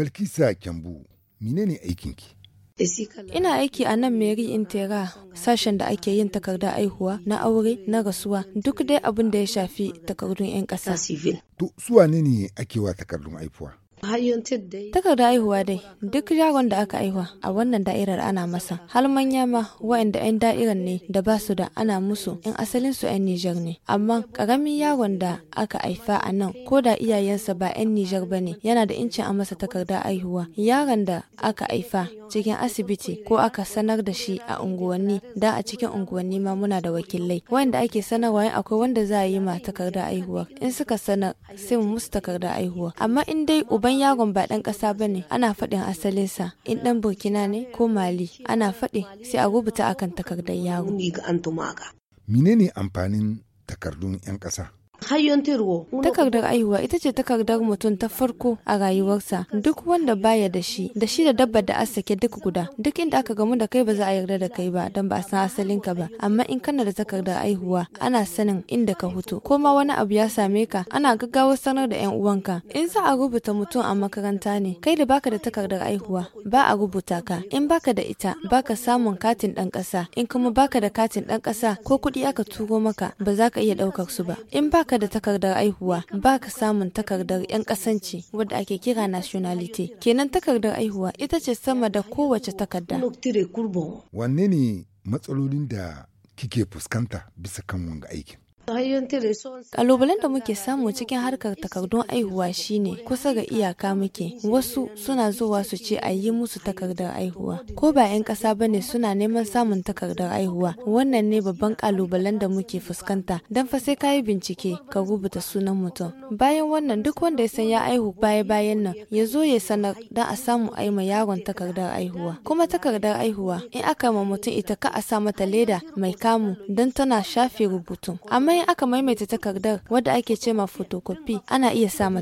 Balkisa Kyambu, menene aikinki? Ina aiki a nan Mary Intera sashen da ake yin takarda aihuwa na aure na rasuwa duk dai abin da ya shafi takardun 'yan ƙasa. To suwa ne ne ake wa takardun aihuwa? Takarda aihuwa dai duk yaron da aka aihuwa a wannan da'irar ana masa har manya ma wa'anda 'yan da'irar ne da ba su da ana musu in asalin su 'yan Nijar ne amma karamin yaron da aka aifa a nan ko da iyayensa ba 'yan Nijar ba ne yana da incin a masa takardar aihuwa yaron da aka aifa cikin asibiti ko aka sanar da shi a unguwanni da a cikin unguwanni ma muna da wakilai wa'anda ake sanarwa in akwai wanda za a yi ma takarda aihuwa in suka sanar sai mu musu takardar aihuwa amma in dai uba ban yaron ba dan kasa ba ne, ana faɗin sa In dan Burkina ne ko Mali, ana faɗi sai a rubuta akan takardar yaro. Menene amfanin takardun 'yan kasa. Takardar aihuwa ita ce takardar mutum ta farko a rayuwarsa duk wanda baya da shi da shi da dabba da asake duk guda duk inda aka gamu da kai ba za a yarda da kai ba don ba a san asalin ka ba amma in kana da takardar aihuwa ana sanin inda ka hutu ko ma wani abu ya same ka ana gaggawar sanar da yan uwanka in za a rubuta mutum a makaranta ne kai da baka da takardar aihuwa ba a rubuta ka in baka da ita baka samun katin dan kasa in kuma baka da katin dan kasa ko kuɗi aka turo maka ba za ka iya ɗaukar su ba baka da takardar aihuwa ka samun takardar 'yan kasance wadda ake kira nationality kenan takardar aihuwa ita ce sama da kowace takarda wanne ne matsalolin da kike fuskanta bisa kan wanga aikin Kalubalen da muke samu cikin harkar takardun aihuwa shine kusa ga iyaka muke wasu suna zuwa su ce a yi musu takardar aihuwa ko ba 'yan ƙasa ba ne suna neman samun takardar aihuwa wannan ne babban kalubalen da muke fuskanta don fa sai kayi bincike ka rubuta sunan mutum bayan wannan duk wanda ya san ya aihu baya bayan nan ya zo ya sanar don a samu aima yaron takardar aihuwa kuma takardar aihuwa in aka ma mutum ita ka a sa mata leda mai kamu don tana shafe rubutun amma Bayan aka maimaita takardar wadda ake ce ma fotokofi ana iya sa mata